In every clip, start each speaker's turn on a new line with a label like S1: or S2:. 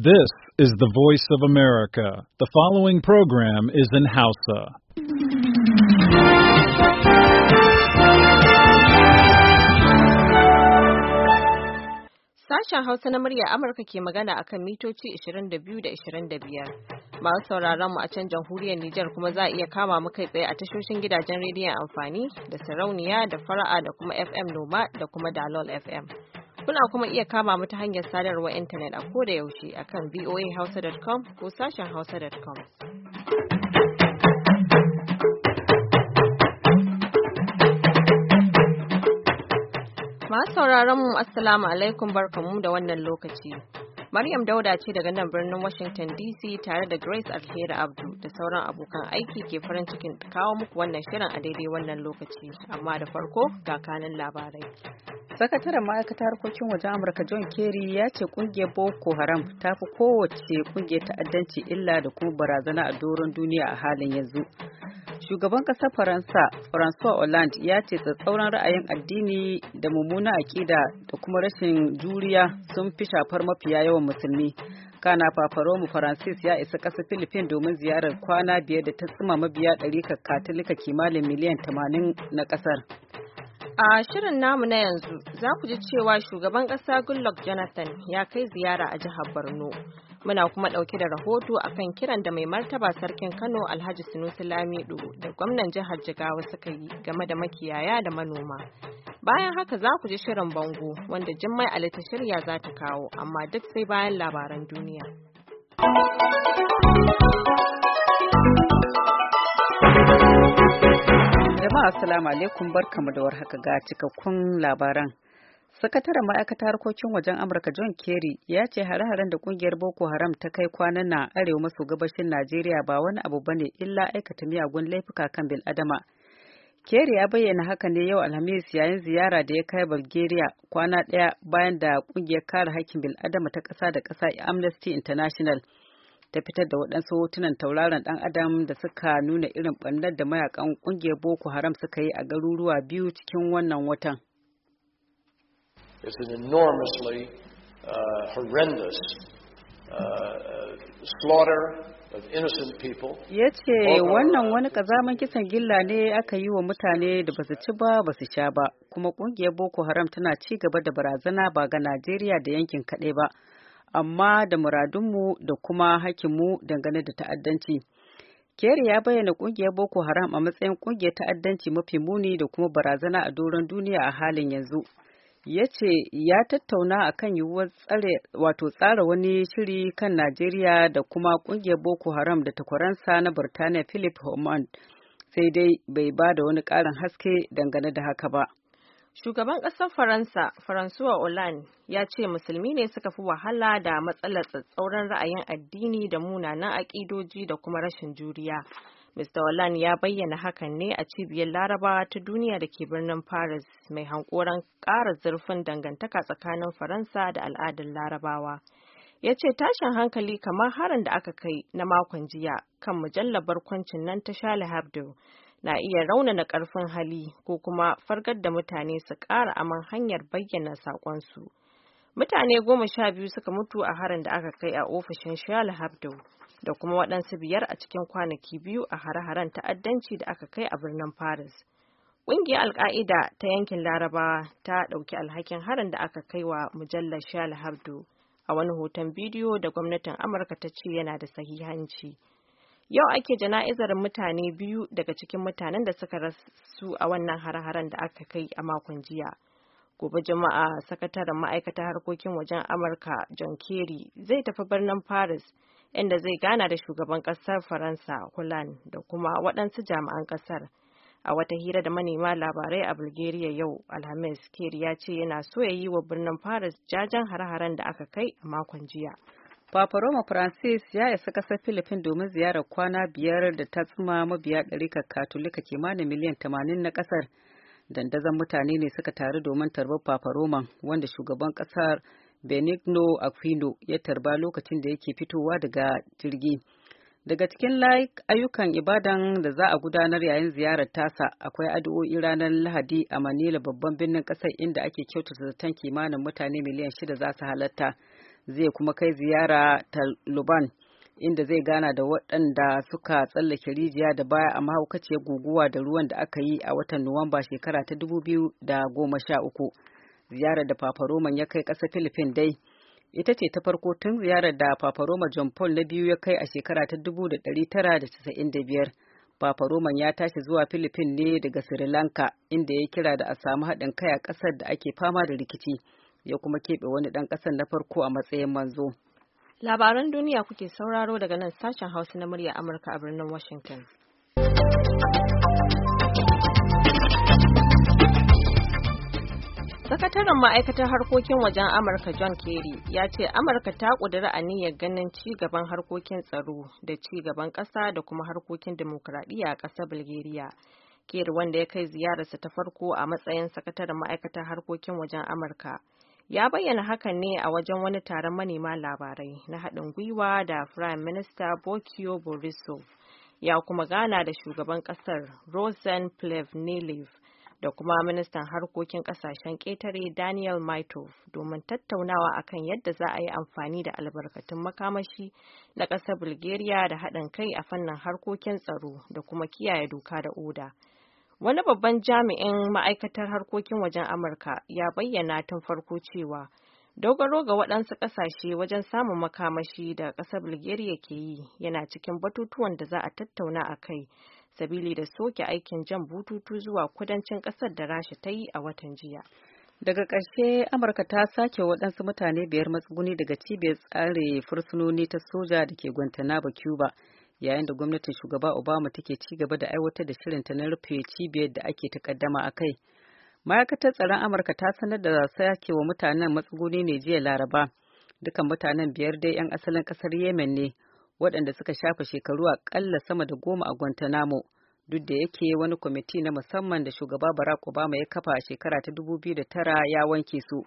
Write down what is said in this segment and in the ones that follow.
S1: This is the voice of America. The following program is in Hausa.
S2: Sashen Hausa na murya Amurka ke magana akan mitoci 22 da 25. Masu sauraron mu a can jamhuriyar Nijar kuma za a iya kama mu kai tsaye a tashoshin gidajen rediyon amfani da sarauniya da fara'a da kuma FM Noma da kuma Dalol FM. Kuna kuma iya kama mu ta hanyar sadarwar intanet a koda yaushe akan voahausa.com ko sashen hausa.com. Masu sauraron mu Assalamu alaikum barkamu da wannan lokaci. Maryam Dauda ce daga nan birnin Washington DC tare da Grace Alheri Abdu da sauran abokan aiki ke farin cikin kawo muku wannan shirin a daidai wannan lokaci. Amma da farko ga kanin labarai.
S3: sakataren ma'aikatar harkokin wajen amurka john kerry ya ce kungiyar boko haram ta fi kowace kungiyar ta'addanci illa da kuma barazana a doron duniya a halin yanzu shugaban kasar faransa francois hollande ya ce tsatsauran ra'ayin addini da mummuna aƙida da kuma rashin juriya sun fi shafar mafiya yawan musulmi kana fafaromu francis ya isa ƙasar filifin domin ziyarar kwana biyar da ta tsima mabiya ɗari katolika kimanin miliyan 80 na ƙasar
S2: A shirin namu na yanzu za ku ji cewa shugaban ƙasa Goodluck Jonathan ya kai ziyara a jihar Borno. Muna kuma ɗauke da rahoto a kan kiran da mai martaba sarkin Kano Alhaji Sunusi Lamido da gwamnan jihar Jigawa suka yi game da makiyaya da manoma. Bayan haka za ku ji shirin bango wanda Jummai Ali ta shirya za ta kawo amma duk sai bayan labaran duniya.
S3: Jama'a assalamu alaikum barkamu da warhaka ga cikakkun labaran. Sakataren ma'aikata harkokin wajen Amurka John Kerry ya ce hare-haren da kungiyar Boko Haram ta kai kwanan na arewa maso gabashin Najeriya ba wani abu bane illa aikata miyagun laifuka kan bil adama. Kerry ya bayyana haka ne yau Alhamis yayin ziyara da ya kai Bulgaria kwana ɗaya bayan da kungiyar kare haƙƙin bil'adama ta ƙasa da ƙasa Amnesty International. ta fitar da waɗansu hotunan tauraron ɗan adam da suka nuna irin ɓannar da mayakan ƙungiyar boko haram suka yi a garuruwa biyu cikin wannan watan
S4: uh, uh,
S1: uh,
S3: ya ce wannan wani ƙazamin kisan gilla ne aka yi wa mutane da basu ci ba basu sha ba kuma ƙungiyar boko haram tana ci gaba da barazana ba ga najeriya da yankin kaɗai ba amma da muradunmu da kuma hakinmu dangane da ta'addanci. Kerry ya bayyana ƙungiyar Boko Haram a matsayin ƙungiyar ta'addanci mafi muni da kuma barazana a doron duniya a halin yanzu. Ya ce ya tattauna a kan yiwuwar wato tsara wani shiri kan Najeriya da kuma ƙungiyar Boko Haram da takwaransa na Birtaniya Philip Homan sai dai bai ba da wani ƙarin haske dangane da haka ba.
S2: Shugaban ƙasar Faransa, François Hollande, ya ce musulmi ne suka fi wahala da matsalar tsatsauran ra'ayin addini da munanan aƙidoji da kuma rashin juriya. Mr. Hollande ya bayyana hakan ne a cibiyar Larabawa ta duniya da ke birnin Paris mai hankoran ƙara zurfin dangantaka tsakanin Faransa da al'adar Larabawa. Ya ce tashin hankali kamar harin da aka kai na makon jiya kan mujallar barkwancin nan ta Charlie Hebdo na iya raunana ƙarfin hali ko kuma fargar da mutane su ƙara aman hanyar bayyana saƙonsu. Mutane goma sha biyu suka mutu a harin da aka kai a ofishin Shal Habdo da kuma waɗansu biyar a cikin kwanaki biyu a hare-haren ta'addanci da aka kai a birnin Paris. Ƙungiyar Alƙa'ida ta yankin Larabawa ta ɗauki alhakin harin da aka kai wa mujallar Shal Habdo a wani hoton bidiyo da gwamnatin Amurka ta ce yana da sahihanci. Yau ake jana'izar mutane biyu daga cikin mutanen da suka rasu a wannan har-haren da aka kai a makon jiya. Gobe jama'a sakataren ma'aikatar harkokin wajen Amurka John Kerry zai tafi birnin Paris inda zai gana da shugaban ƙasar Faransa hulan da kuma waɗansu jami'an ƙasar. a wata hira da manema labarai a bulgaria yau alhamis Kerry ya ce yana so ya yi wa birnin paris jajen har haren da aka kai a makon
S3: jiya Papa Roma Francis ya isa ƙasar Philippines domin ziyarar kwana biyar da ta tsuma mabiya ɗarikar Katolika kimanin miliyan tamanin na ƙasar. Dandazon mutane ne suka taru domin tarbar Papa Roma wanda shugaban ƙasar Benigno Aquino ya tarba lokacin da yake fitowa daga jirgi. Daga cikin ayyukan ibadan da za a gudanar yayin ziyarar tasa akwai addu'o'i ranar Lahadi a Manila babban birnin ƙasar inda ake kyautata zaton kimanin mutane miliyan shida za su halatta. zai kuma kai ziyara ta luban inda zai gana da waɗanda suka tsallake rijiya da baya a mahaukaciyar guguwa da ruwan da aka yi a watan Nuwamba shekara ta 2013. Ziyarar da fafaroman ya kai ƙasa Philippines dai ita ce ta farko tun ziyarar da fafaroma John Paul na biyu ya kai a shekara ta 1995. fafaroman ya tashi zuwa Philippines ne daga Sri Lanka inda ya kira da a samu haɗin kai a ƙasar da ake fama da rikici. ya kuma keɓe wani ɗan ƙasar na farko a matsayin manzo.
S2: Labaran duniya kuke sauraro daga nan sashen Hausa na murya Amurka a birnin Washington. Sakataren ma'aikatar harkokin wajen Amurka John Kerry ya ce Amurka ta ƙudiri aniyar ganin ci gaban harkokin tsaro da ci gaban ƙasa da kuma harkokin demokuraɗiyya a ƙasar Bulgaria. Kerry wanda ya kai ziyararsa ta farko a matsayin sakataren ma'aikatar harkokin wajen Amurka ya bayyana hakan ne a wajen wani taron manema labarai na haɗin gwiwa da prime minister bokio borisov ya kuma gana da shugaban ƙasar rosen plevnilev da kuma ministan harkokin ƙasashen ƙetare daniel mitov domin tattaunawa akan yadda za a yi amfani da albarkatun makamashi na ƙasar bulgaria da haɗin kai a fannin harkokin tsaro da kuma kiyaye doka da oda. Wani babban jami'in ma'aikatar harkokin wajen Amurka ya bayyana tun farko cewa dogaro ga waɗansu ƙasashe wajen samun makamashi da ƙasar Bulgaria ke yi yana cikin batutuwan da za a tattauna a kai sabili da soke aikin jan bututu zuwa kudancin ƙasar da rasha ta yi a watan jiya.
S3: Daga ƙarshe Amurka ta sake waɗansu mutane biyar matsuguni daga cibiyar tsare fursunoni ta soja da ke Guantanamo, Cuba. yayin da gwamnatin shugaba obama take ci gaba da aiwatar da shirinta na rufe cibiyar da ake takaddama a kai ma'aikatar tsaron amurka ta sanar da yake wa mutanen matsuguni ne jiya laraba dukan mutanen biyar dai 'yan asalin kasar yemen ne waɗanda suka shafa shekaru aƙalla sama da goma a guantanamo duk da yake wani kwamiti na musamman da shugaba barack obama ya kafa a shekara ta 2009 ya wanke su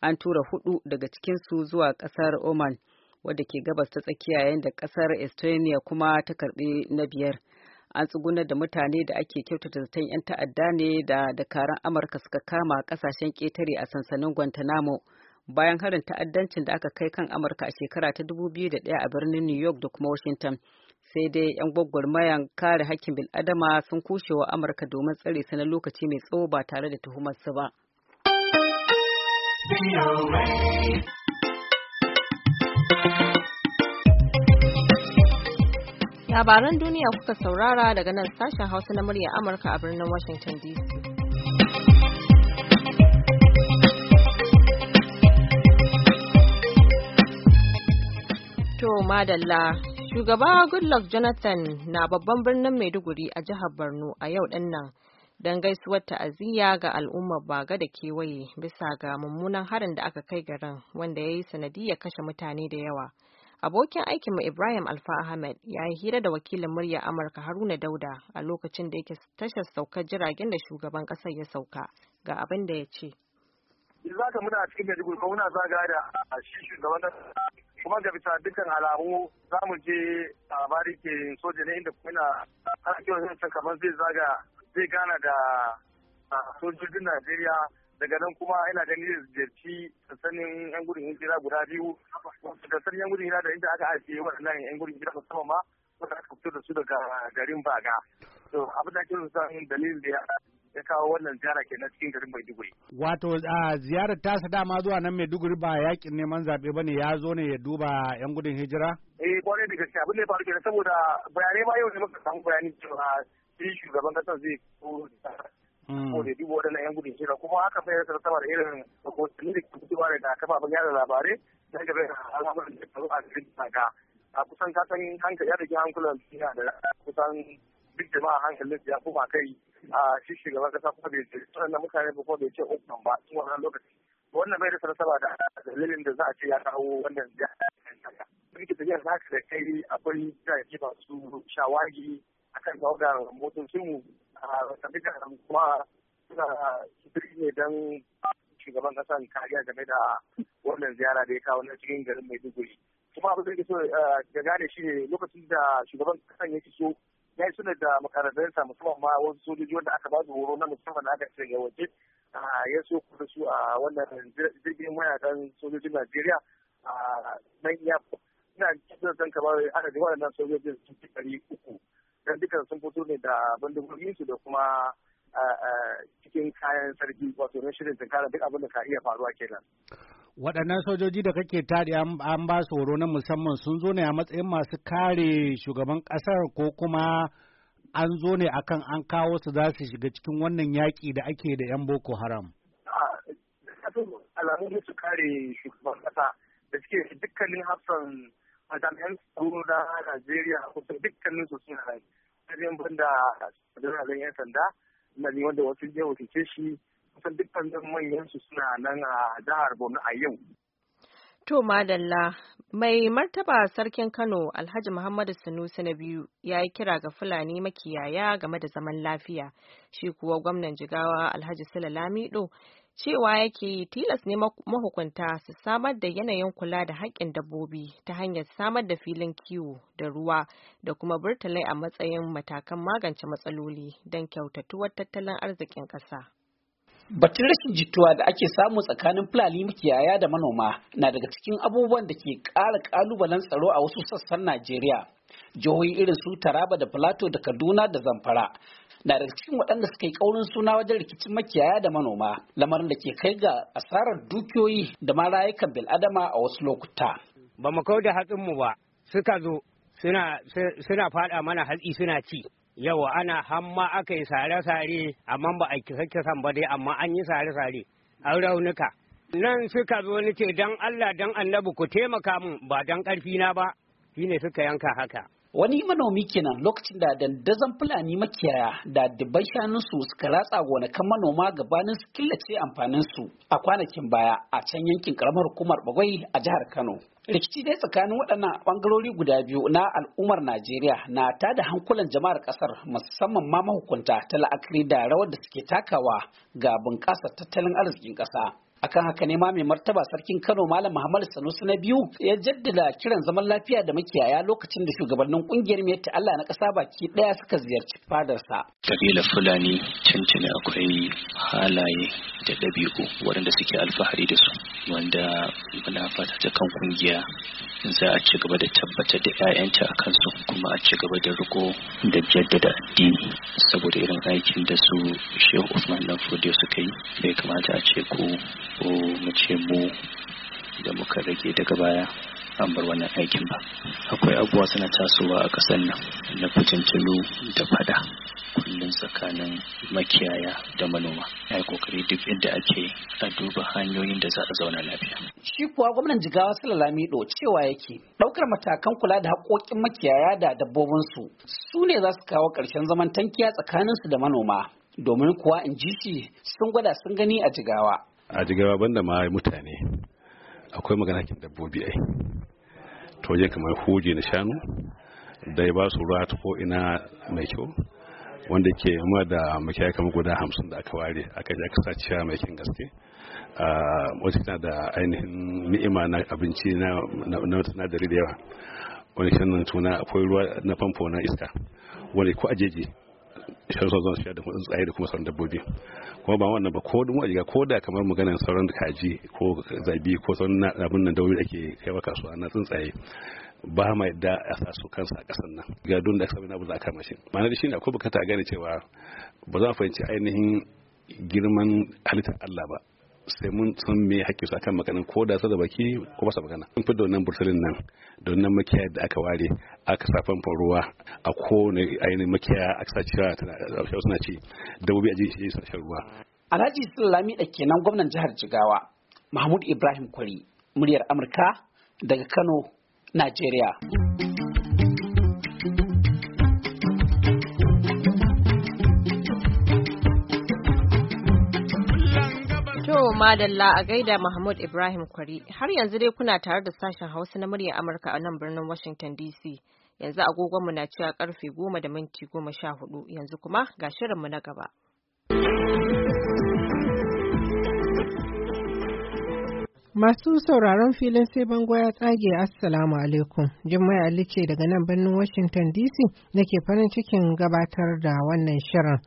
S3: an tura hudu daga cikinsu zuwa ƙasar oman wadda ke gabas ta tsakiya yayin da kasar estonia kuma ta karbi na biyar an tsugunar da mutane da ake kyautata zaton 'yan ta'adda ne da dakaran amurka suka kama kasashen ƙetare a sansanin guantanamo bayan harin ta'addancin da aka kai kan amurka a shekara ta 2001 a birnin new york da kuma washington sai dai 'yan gwagwarmayan kare hakkin bil'adama sun kushe wa amurka domin tsare su na lokaci mai tsawo ba tare da tuhumar su ba.
S2: Labaran duniya kuka saurara daga nan sashen Hausa na murya Amurka a birnin Washington DC. To madalla shugaba Goodluck Jonathan na babban birnin Maiduguri a jihar Borno a yau din nan don gaisuwar ta'aziyya ga al'ummar baga da kewaye bisa ga mummunan harin da aka kai garin wanda ya yi sanadiyar kashe mutane da yawa. Abokin aikinmu Ibrahim Alfa Ahmed ya yi hira da wakilin murya Amurka Haruna Dauda a lokacin da yake tashar saukar jiragen da shugaban kasar ya sauka ga abin da ya ce.
S4: Za ka muna cikin Maiduguri ko muna zaga da shi shugaban kuma ga bisa dukkan alamu za mu je labari ke soja ne inda kuma na har kamar zai zaga zai gana da sojojin Najeriya daga nan kuma ina ganin zai ziyarci sanin yan gudun hijira guda biyu sanin yan gudun hijira da inda aka ajiye waɗannan yan gudun hijira musamman ma wanda aka fito da su daga garin baga to abin da ake son dalilin da ya kawo wannan ziyara ke na cikin garin Maiduguri.
S1: Wato a ziyarar tasa dama zuwa nan Maiduguri ba yakin neman zaɓe ba ne ya zo ne ya duba 'yan gudun hijira?
S4: Eh kwarai da gaske abin da ya faru kenan saboda bayanai ma yau ne muka samu bayani cewa shi shugaban kasa zai ko Mm. saboda ya duba waɗannan 'yan gudun hijira kuma haka sai ya sama da irin rahotanni da ke fitowa daga kafafen yada labarai na game da al'amuran da faru a cikin saka a kusan kasan hankali ya rage hankulan duniya da kusan duk jama'a hankalin ya koma kai a shi shugaban kasa kuma bai ce waɗannan mutane ba kuma bai ce ofan ba tun wannan lokaci wannan bai da sarasaba da dalilin da za a ce ya kawo wannan ya rike tafiyar haka da kai akwai jirage masu shawagi akan tawagar motocinmu sandikan kuma suna shiri ne don shugaban kasan kariya game da wannan ziyara da ya kawo na cikin garin maiduguri kuma abin da yake so da eh, gane shi lokacin da shugaban kasa yake so ya yi suna da makarabansa musamman ma wasu sojoji wanda aka ba su horo na musamman aka ce ga waje ah, ya so kuma su a wannan jirgin mayakan sojojin najeriya a nan iya ina cikin san kamar da waɗannan sojojin sun fi ɗari uku dan duka sun fito ne da bindigogin su da kuma cikin kayan sarki wato na shirin kara duk abin da ka iya faruwa kenan.
S1: Waɗannan sojoji da kake taɗi an ba su horo na musamman sun zo ne a matsayin masu kare shugaban ƙasar ko kuma an zo ne akan an kawo su za su shiga cikin wannan yaƙi da ake da 'yan Boko Haram.
S4: Alamun su kare shugaban ƙasa da suke dukkanin hafsan a jami'an tsaro na Najeriya kusan dukkanin su suna nan. Kajin banda da yan sanda na ne wanda wasu ya wakilce shi kusan dukkanin manyan su suna nan a jihar Borno a yau.
S2: To Madalla, mai martaba sarkin Kano Alhaji Muhammadu Sanusi na biyu ya yi kira ga Fulani makiyaya game da zaman lafiya, shi kuwa gwamnan jigawa Alhaji Sula Lamido cewa yake yi tilas ne mahukunta su samar da yanayin kula da haƙƙin dabbobi ta hanyar samar da filin kiwo da ruwa da kuma burtalai a matsayin matakan magance matsaloli don kyautatuwar tattalin arzikin ƙasa.
S5: Batun rashin jituwa da ake samu tsakanin Fulani makiyaya da manoma na daga cikin abubuwan da ke ƙara ƙalubalen tsaro a wasu sassan Najeriya. Jihohi irin su Taraba da Filato da Kaduna da Zamfara na daga cikin waɗanda suka yi ƙaurin suna wajen rikicin makiyaya da manoma lamarin da ke kai ga asarar dukiyoyi da ma rayukan bil'adama a wasu lokuta. Ba mu kau da hatsinmu ba suka zo suna suna faɗa mana hatsi suna ci. Yau ana hamma aka yi sare-sare amma ba a kisa san ba dai amma an yi sare-sare an raunuka. Nan suka zo ni ce don Allah don annabi ku taimaka min ba don ƙarfi na ba shine suka yanka haka. wani manomi kenan lokacin da dandazon fulani makiyaya da dubban shanunsu suka ratsa gonakan manoma gabanin su killace amfaninsu a kwanakin baya a can yankin karamar hukumar bagwai a jihar kano rikici dai tsakanin waɗannan ɓangarori guda biyu na al'ummar najeriya na ta da hankulan jama'ar ƙasar musamman ma mahukunta ta la'akari da rawar da suke takawa ga bunƙasar tattalin arzikin ƙasa akan haka ne ma mai martaba sarkin Kano Malam Muhammad Sanusi na biyu ya jaddada kiran zaman lafiya da makiyaya lokacin da shugabannin kungiyar ta Allah na kasa baki ɗaya suka ziyarci fadarsa. Kabila Fulani cancana akwai halaye da dabi'u waɗanda suke alfahari da su wanda muna fata ta kan kungiya za a ci gaba da tabbatar da 'ya'yanta a kansu kuma a ci gaba da riko da jaddada addini saboda irin aikin da su Shehu Usman Danfodiyo suka yi bai kamata a ce ku. ko mu ce mu da muka rage daga baya an bar wannan aikin ba akwai abuwa suna tasowa a ƙasar nan na fitintunu da fada kullum tsakanin makiyaya da manoma ya yi kokari duk inda ake a duba hanyoyin da za a zauna lafiya shi kuwa gwamnan jigawa sula lamido cewa yake ɗaukar matakan kula da haƙoƙin makiyaya da dabbobinsu su ne za su kawo ƙarshen zaman tankiya tsakaninsu da manoma domin kuwa in ji sun gwada sun gani a jigawa
S1: a jigawa banda ma mutane akwai magana maganakin dabbobi ai to je kamar huje na shanu da ya ba su ruwa ta ko'ina mai kyau wanda ke ma da makiyaya kamar guda hamsin da aka ware aka ji aka saciya mai kin gaske wasu tana da ainihin ni'ima na abinci na sinadari da yawa wani shanun tuna akwai ruwa na famfo na iska wani ko ajeji shan son zuwa da tsaye da kuma sauran dabbobi kuma ba wannan ba ko dun wajiga ko da kamar maganar sauran kaji ko zabi ko sauran abin nan dabbobi da ake kaiwa kasuwa na tsuntsaye ba ma yadda a sa su kansa a kasan nan ga don da aka sami abu za a kama shi ma'ana da shi ne akwai bukata a gane cewa ba za a fahimci ainihin girman halittar Allah ba sai mun san me hakki su akan maganin ko da da baki ko ba sa magana mun fito wannan burtulin nan don nan makiyaya da aka ware aka sa famfon ruwa a ko ne ainihin makiyaya aka sa cewa suna ci dabbobi a shi suna shan ruwa
S5: Alhaji Sallami da kenan gwamnan jihar Jigawa Mahmud Ibrahim Kwari muryar Amurka daga Kano Najeriya.
S2: madalla a gaida Mahmud Ibrahim Kwari. Har yanzu dai kuna tare da sashen Hausa na murya Amurka a nan birnin Washington DC. Yanzu agogonmu na cewa karfe goma da minti goma sha hudu yanzu kuma ga shirinmu na gaba.
S6: Masu sauraron filin sai bango ya tsage Assalamu alaikum. Jummai Ali ce daga nan birnin Washington DC nake farin cikin gabatar da wannan shirin.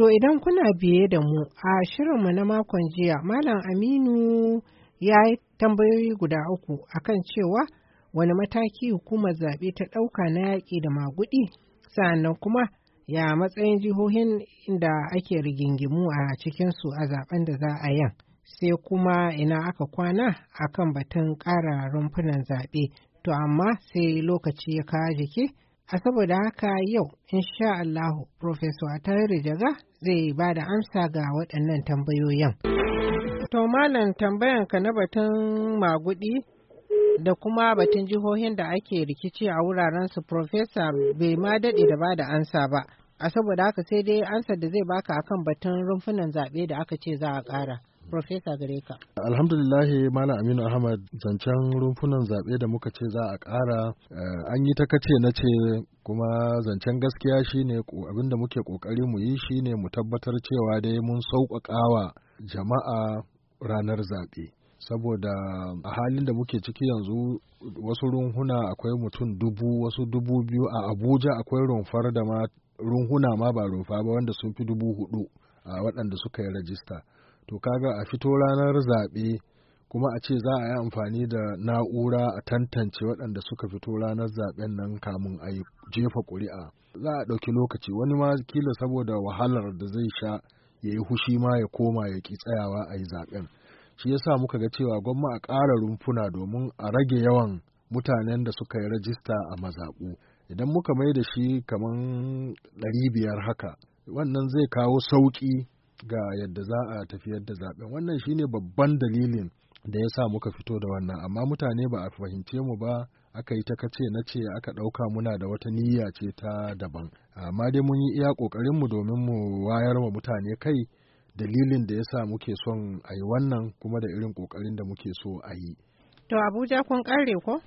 S6: To idan kuna biye da mu a shirinmu na makon jiya, Malam Aminu ya yi tambayoyi guda uku akan cewa wani mataki hukumar zaɓe ta ɗauka na yaƙi da maguɗi, sannan kuma ya matsayin jihohin inda ake rigingimu a cikinsu a zaben da za a yin. Sai kuma ina aka kwana akan batun ƙara rumfunan zaɓe, to amma sai lokaci ya kawo jiki. A saboda haka yau, insha Allahu, Profesor Atari Jaga zai ba da amsa ga waɗannan tambayoyin. To malam tambayan ka na batun magudi da kuma batun jihohin da ake rikici a wuraren su Profesor bai ma daɗe da ba da ansa ba. A saboda haka sai dai ansa da zai baka akan batun rumfunan zaɓe da aka ce za a ƙara. Profesa
S7: Alhamdulillahi Malam Aminu Ahmad zancen rumfunan zaɓe da muka ce za a ƙara eh, an yi ta na ce kuma zancen gaskiya shine da muke ƙoƙari mu yi shine mu tabbatar cewa dai mun sauƙaƙawa jama'a ranar zaɓe. saboda a halin da muke ciki yanzu wasu runhuna akwai mutum dubu wasu dubu biyu a abuja akwai rumfar da ma runhuna ma ba rumfa ba wanda sun fi dubu hudu a waɗanda suka yi rajista to kaga a fito ranar zaɓe kuma a ce za a yi amfani da na'ura a tantance waɗanda suka fito ranar zaɓen nan kamun a yi jefa ƙuri'a za a ɗauki lokaci wani ma kila saboda wahalar da zai sha ya yi hushi ma ya koma ya ƙi tsayawa a yi zaɓen shi ya sa muka ga cewa gwamma a ƙara rumfuna domin a rage yawan mutanen da suka yi rajista a mazaɓu idan muka mai da shi kamar ɗari biyar haka wannan zai kawo sauƙi ga yadda za a tafiyar da zaben wannan shine babban dalilin da ya sa muka fito da wannan amma mutane ba a fahimce mu ba aka yi ta kace na ce aka ɗauka muna da wata niyya ce ta daban amma dai mun yi iya mu domin mu wayar wa mutane kai dalilin da ya sa muke son a yi wannan kuma da irin ƙoƙarin da muke so a yi.
S6: To Abuja kun ƙare ko?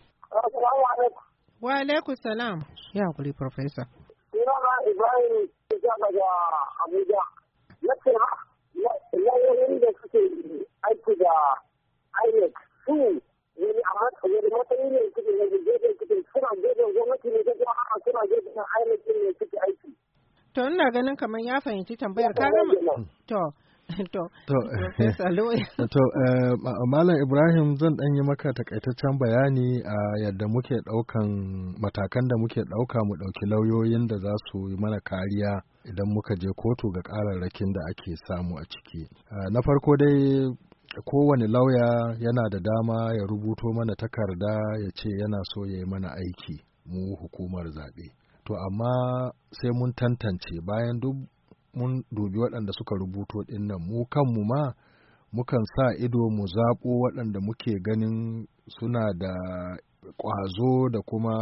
S6: Wa alaikum salam.
S7: Ya kuri Profesa.
S4: Ibrahim Abuja. na lauyoyin da suke aiki da INEC su wani wani matsayi ne suke na suke suna gwamnati ne ko kuma a suna gefen INEC ne suke aiki.
S6: To ina ganin kamar ya fahimci tambayar ka gama. To To,
S7: eh, Malam Ibrahim zan ɗan yi maka takaitaccen bayani a yadda muke ɗaukan matakan da muke ɗauka mu ɗauki lauyoyin da za su yi mana kariya idan muka je kotu ga ƙararrakin da ake samu a ciki. Eh, na farko dai kowane lauya yana da dama ya rubuto mana takarda ya ce yana so ya yi mana aiki mu hukumar zaɓe. to amma sai mun tantance bayan duk mun dubi waɗanda suka rubuto ɗin nan mu kanmu ma mukan sa ido mu zaɓo waɗanda muke ganin suna da ƙwazo da kuma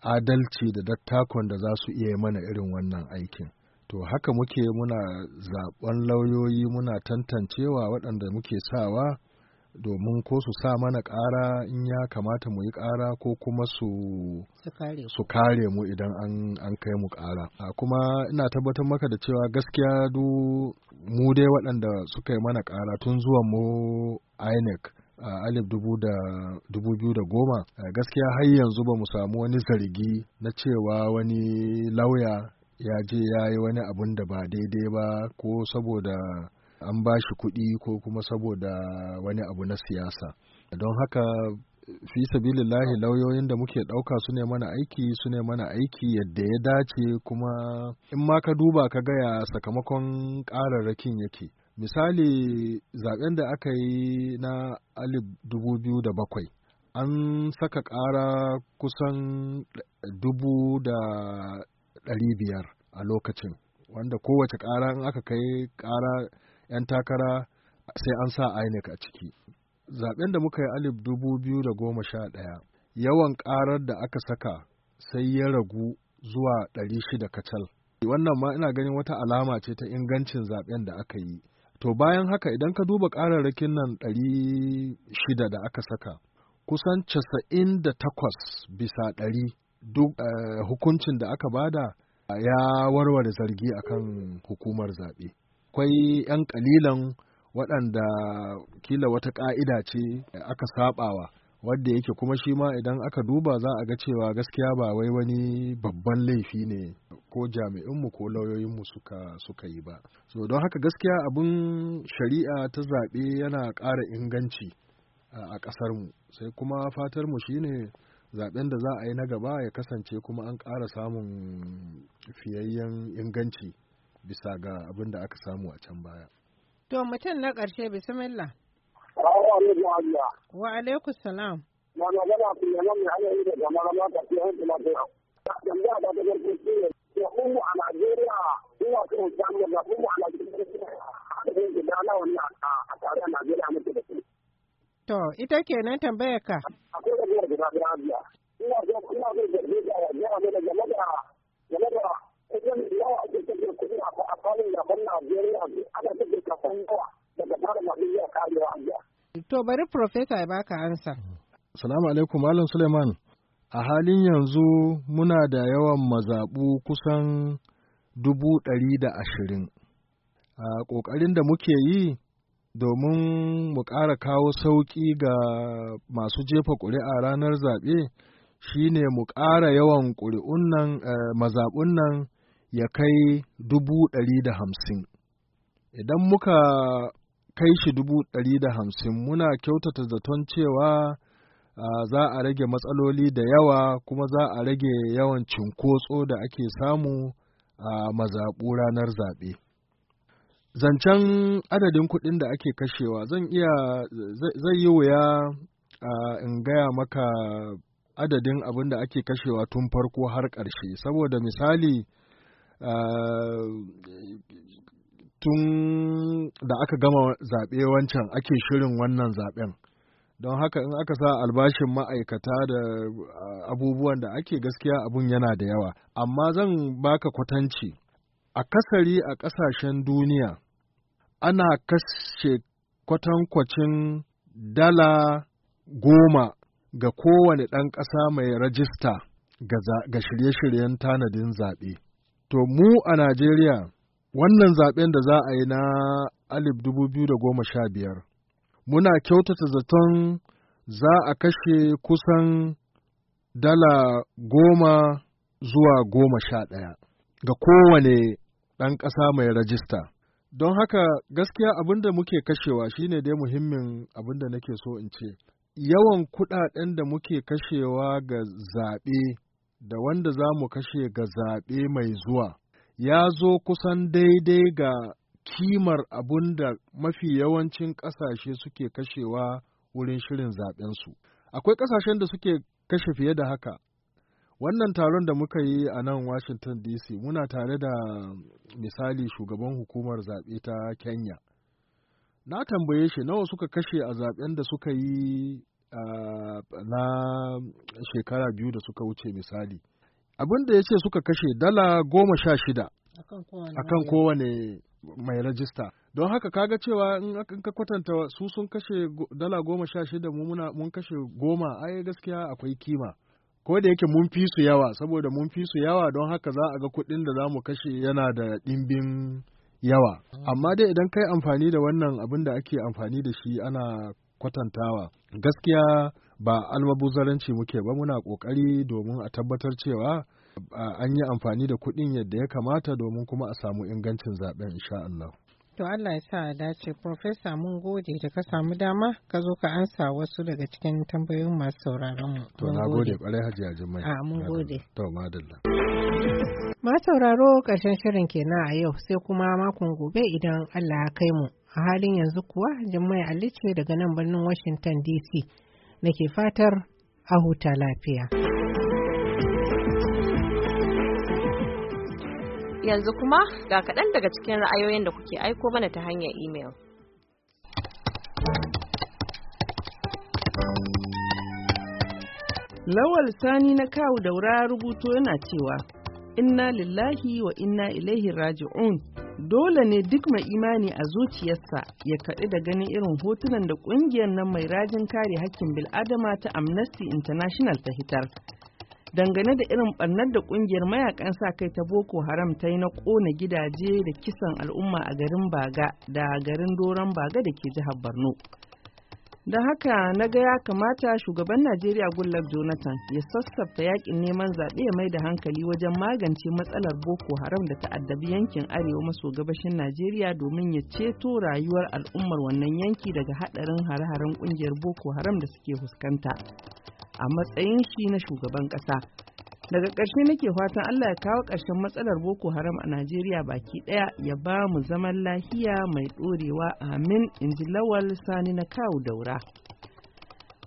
S7: adalci da dattakon da za su iya mana irin wannan aikin. To haka muke muna zaɓen lauyoyi muna tantancewa waɗanda muke sawa domin ko su sa mana ƙara in ya kamata mu yi ƙara ko kuma su su kare mu idan an kai mu ƙara kuma ina tabbatar maka da cewa gaskiya du mu dai waɗanda suka yi mana ƙara tun zuwan mu inec a alif dubu da dubu biyu da goma gaskiya har yanzu ba mu samu wani zargi na cewa wani lauya ya je ya yi wani abun da ba daidai ba ko saboda an ba shi kuɗi ko kuma saboda wani abu na siyasa don haka fi sabilillahi lauyoyin da muke ɗauka su ne mana aiki su ne mana aiki yadda ya dace kuma in ma ka duba ka gaya sakamakon ƙararrakin yake misali zaben da aka yi na alif dubu biyu da bakwai an saka ƙara kusan dubu da ɗari biyar a lokacin wanda kowace ƙara in aka kai ƙara 'yan takara sai an sa INEC a ciki. Zaɓen da muka yi alif dubu biyu da goma sha ɗaya, yawan ƙarar da aka saka sai ya ragu zuwa ɗari shida kacal. Wannan ma ina ganin wata alama ce ta ingancin zaɓen da aka yi. To bayan haka idan ka duba ƙararrakin nan ɗari shida da aka saka, kusan casa'in da takwas bisa ɗari duk uh, hukuncin da aka bada ya warware zargi akan hukumar zaɓe. akwai 'yan kalilan waɗanda kila wata ƙa'ida ce aka saɓawa wadda yake kuma shi ma idan aka duba za a ga cewa gaskiya ba wai wani babban laifi ne ko jami'inmu ko lauyoyinmu suka suka yi ba so don haka gaskiya abin shari'a ta zaɓe yana ƙara inganci a ƙasarmu sai kuma fatarmu shine zaɓen da za a yi na gaba ya kasance kuma an ƙara samun fiyayyen inganci bisa ga abin da aka samu a can baya.
S6: To mutum na ƙarshe bismillah. Wa alaikum salam.
S4: Na magana ku yana mai hanyar yi da jama'ar mata ke hankali na biya. Jami'a da daga kirki ne, ya kuma a Najeriya, ina kan jami'a da kuma a Najeriya, a cikin gida na wani a tare a Najeriya muke da su.
S6: To, ita ke nan tambayar ka.
S4: Akwai da biyar da na biya. Ina zai kuma zai zargi da jama'a da jama'a da jama'a Idan yawa ake tafiya kudin a kwanin yaban Najeriya ana tafiya kafin yawa daga fara Najeriya karewa a jiya.
S6: To bari Profesa ya baka ansa.
S7: Salamu alaikum Malam Suleiman. A halin yanzu muna da yawan mazaɓu kusan dubu ɗari da ashirin. A ƙoƙarin da muke yi domin mu ƙara kawo sauƙi ga masu jefa ƙuri'a ranar zaɓe shine mu ƙara yawan ƙuri'un nan eh, mazaɓun nan ya kai dubu ɗari da hamsin. Idan muka kai shi dubu ɗari da hamsin muna kyautata zaton cewa za a rage matsaloli da yawa kuma za a rage yawan cinkoso da ake samu a mazaɓu ranar zaɓe. Zancen adadin kuɗin da ake kashewa zan iya zai yi wuya in gaya maka adadin abin da ake kashewa tun farko har ƙarshe saboda misali tun da aka gama zaɓe wancan ake shirin wannan zaɓen don haka in aka sa albashin ma'aikata da abubuwan da ake gaskiya abun yana da yawa amma zan baka kwatanci a kasari a ƙasashen duniya ana kashe kwatankwacin dala goma ga kowane ɗan ƙasa mai rajista ga shirye-shiryen tanadin zaɓe To mu a Najeriya wannan zaɓen da za a yi na alif dubu biyu da sha biyar, muna kyautata zaton za a kashe kusan dala goma zuwa goma sha ɗaya ga kowane ɗan ƙasa mai rajista. Don haka gaskiya abinda da muke kashewa shine dai muhimmin abinda da nake so in ce. Yawan kuɗaɗen da muke kashewa ga zaɓe da wanda za mu kashe ga zaɓe mai zuwa ya zo kusan daidai ga kimar abun da mafi yawancin ƙasashe suke kashewa wurin shirin zaɓensu. Akwai ƙasashen da suke kashe fiye da haka. Wannan taron da muka yi a nan Washington DC muna tare da misali shugaban hukumar zaɓe ta Kenya. Na tambaye shi nawa suka kashe a zaɓen da suka yi na shekara biyu da suka wuce misali abin da ya ce suka kashe dala goma sha shida akan kowane mai rajista don haka kaga cewa in ka kwatanta su sun kashe dala goma sha shida mun kashe goma ai gaskiya akwai kima ko da yake mun fi su yawa saboda mun fi su yawa don haka za a ga kuɗin da za mu kashe yana da ɗimbin yawa mm. amma dai idan kai amfani da wannan abin da ake amfani da shi ana kwatantawa gaskiya ba almabuzaranci muke ba muna kokari domin a tabbatar cewa an yi amfani da kuɗin yadda ya kamata domin kuma a samu ingancin zaben insha Allah.
S6: To Allah ya sa a dace, Profesa mun gode da ka samu dama ka zo ka ansa wasu daga cikin tambayoyin masu sauraron mu. To na gode kwarai
S7: hajiya Jummai. A ah, mun gode. To madalla.
S6: Ma sauraro ƙarshen shirin kenan a yau sai kuma makon gobe idan Allah ya kai mu. a halin yanzu kuwa jimai alice daga nan birnin washington dc nake fatar a huta lafiya
S2: yanzu kuma ga kaɗan daga cikin ra'ayoyin da kuke aiko mana ta hanyar imel.
S6: Lawal
S8: Sani na kawo daura rubuto yana cewa, Inna lillahi wa inna ilaihi raji'un Dole ne duk mai imani a zuciyarsa ya kaɗi da ganin irin hotunan da ƙungiyar nan mai rajin kare hakkin bil'adama ta Amnesty International ta hitar. Dangane da irin ɓarnar da ƙungiyar mayakan sa kai ta Boko Haram ta yi na ƙona gidaje da kisan al'umma a garin Baga da garin Doron Baga da ke jihar Borno. Da haka na ga ya kamata shugaban Najeriya Goodluck Jonathan ya sassafta yakin neman zaɓe ya mai da hankali wajen magance matsalar Boko Haram da ta'addabi yankin Arewa maso gabashin Najeriya domin ya ceto rayuwar al'ummar wannan yanki daga haɗarin hare-haren ƙungiyar Boko Haram da suke fuskanta. A matsayin shi na shugaban ƙasa. daga ƙarshe nake fatan Allah ya kawo ƙarshen matsalar boko haram a Najeriya baki ɗaya ya ba mu zaman lahiya mai ɗorewa amin in ji lawal sani na kawo daura.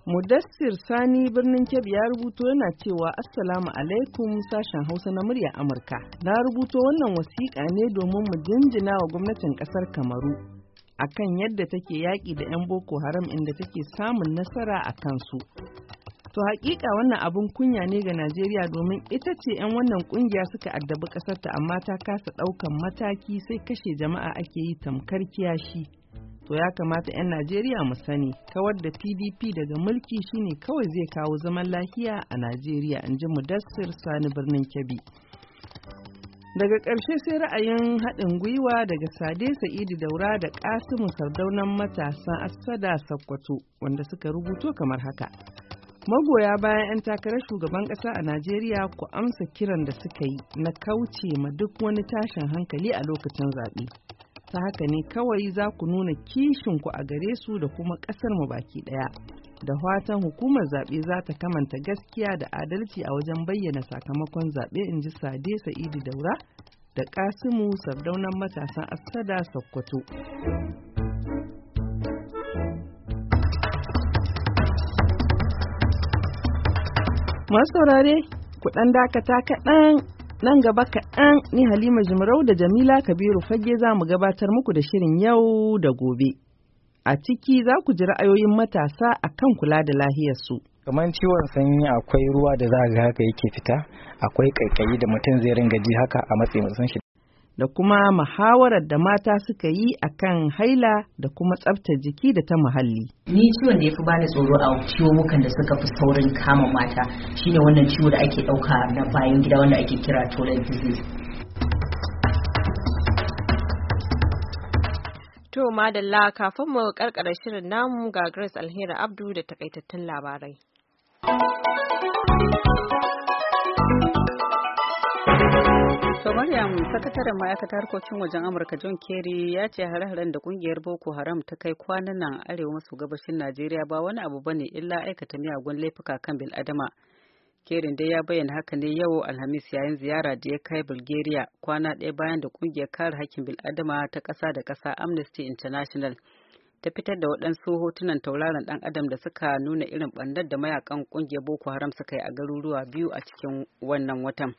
S8: Mudassir Sani birnin Kebbi ya rubuto yana cewa Assalamu alaikum sashen Hausa na murya Amurka. Na rubuto wannan wasiƙa ne domin mu jinjina wa gwamnatin ƙasar Kamaru akan yadda take yaƙi da 'yan Boko Haram inda take samun nasara a kansu. To hakika wannan abun kunya ne ga Najeriya domin ita ce 'yan wannan kungiya suka addabi ƙasarta amma ta kasa ɗaukan mataki sai kashe jama'a ake yi tamkar kiyashi. To ya kamata 'yan Najeriya mu sani kawar da PDP daga mulki shine kawai zai kawo zaman lafiya a Najeriya in ji Mudassir Sani birnin Kebbi. Daga ƙarshe sai ra'ayin haɗin gwiwa daga Sade Sa'idu Daura da ƙasimu Sardaunan matasan Assada Sakkwato wanda suka rubuto kamar haka. magoya bayan 'yan takarar shugaban ƙasa a najeriya ku amsa kiran da suka yi na kauce ma duk wani tashin hankali a lokacin zaɓe ta haka ne kawai za ku nuna ku a gare su da kuma ƙasar mu baki ɗaya da fatan hukumar zaɓe za ta kamanta gaskiya da adalci a wajen bayyana sakamakon zaɓe in ji sade sa'idu daura da kasimu sardaunan matasan asada sokoto Masu saurare ku dan dakata kaɗan nan gaba kaɗan ni Halima Jimarau da Jamila Kabiru Fage za mu gabatar muku da shirin yau da gobe. A ciki za ku ji ra'ayoyin matasa a kan kula da lahiyarsu.
S5: kamar ciwon sanyi akwai ruwa da za ga haka yake fita akwai kaikayi da mutum zai ringa ji haka a matsayin shi da
S8: kuma muhawarar da mata suka yi a kan haila da kuma tsabtar jiki da ta
S3: muhalli. Ni ciwon da ya fi bani tsoro a ciwukan da suka fi saurin kama mata shine wannan ciwo da ake ɗauka na bayan gida wanda ake kira tolen disease.
S2: To madalla kafin mu karkara shirin namu ga Grace Alheri Abdu da takaitattun labarai.
S5: To Maryam, sakataren ma'aikatar
S3: harkokin wajen Amurka John Kerry ya ce hare-haren da kungiyar Boko Haram ta kai kwanan nan arewa maso gabashin Najeriya ba wani abu bane illa aikata miyagun laifuka kan bil'adama. kerin dai ya bayyana haka ne yau Alhamis yayin ziyara da ya kai Bulgaria kwana ɗaya bayan da kungiyar kare hakkin bil'adama ta ƙasa da ƙasa Amnesty International ta fitar da waɗansu hotunan tauraron ɗan adam da suka nuna irin ɓandar da mayakan kungiyar Boko Haram suka yi a garuruwa biyu a cikin wannan watan.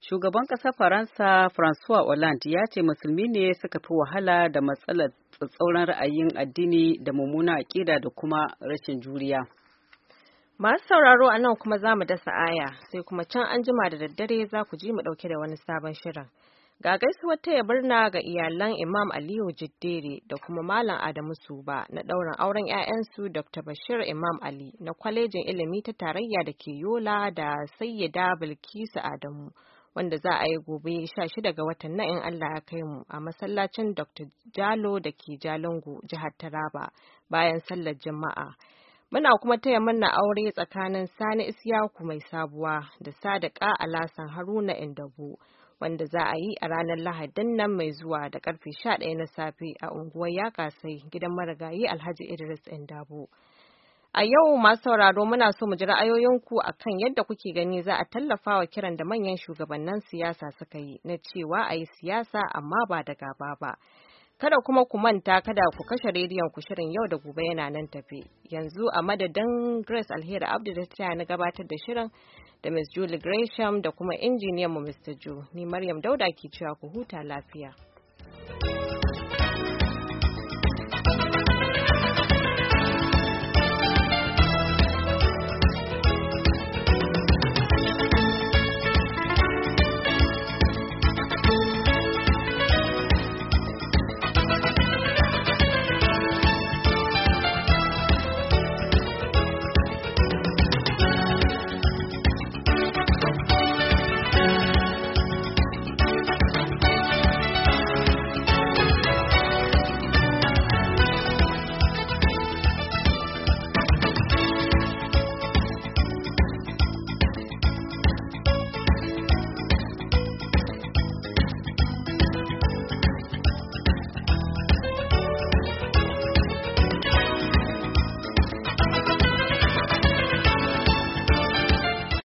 S3: Shugaban ƙasar Faransa François Hollande ya ce musulmi ne suka fi wahala da matsalar tsatsauran ra'ayin addini da mummuna aƙida da kuma rashin juriya. Masu sauraro a nan kuma za mu
S2: dasa aya sai kuma can an jima da daddare za ku ji mu ɗauke da wani sabon shirin. Ga gaisuwar ya birna ga iyalan Imam Aliyu Jiddere da kuma Malam Adamu Suba na ɗaurin auren 'ya'yansu Dr. Bashir Imam Ali na kwalejin ilimi ta tarayya da ke Yola da sayyada Bilkisu Adamu. wanda za a yi gobe 16 ga watan na in Allah ya kai mu a masallacin Dr. Jalo da ke Jalingo jihar Taraba bayan sallar Juma'a. Muna kuma taya murna aure tsakanin Sani Isiyaku mai sabuwa da Sadiqa Alasan Haruna Indabu wanda za a yi a ranar Lahadin nan mai zuwa da karfe 11 na safe a unguwar Yakasai gidan marigayi Alhaji Idris Indabo. A yau masu sauraro muna so mu ji ra'ayoyinku a kan yadda kuke gani za a tallafa wa kiran da manyan shugabannin siyasa suka yi na cewa a yi siyasa amma ba da gaba ba. Kada kuma ku manta kada ku kashe rediyon ku shirin yau da gobe yana nan tafe. Yanzu a madadin Grace Alheri Abdu da ta na gabatar da shirin da Ms. Julie Gresham da kuma injiniyan mu Mr. Ju Ni Maryam Dauda ke cewa ku huta lafiya.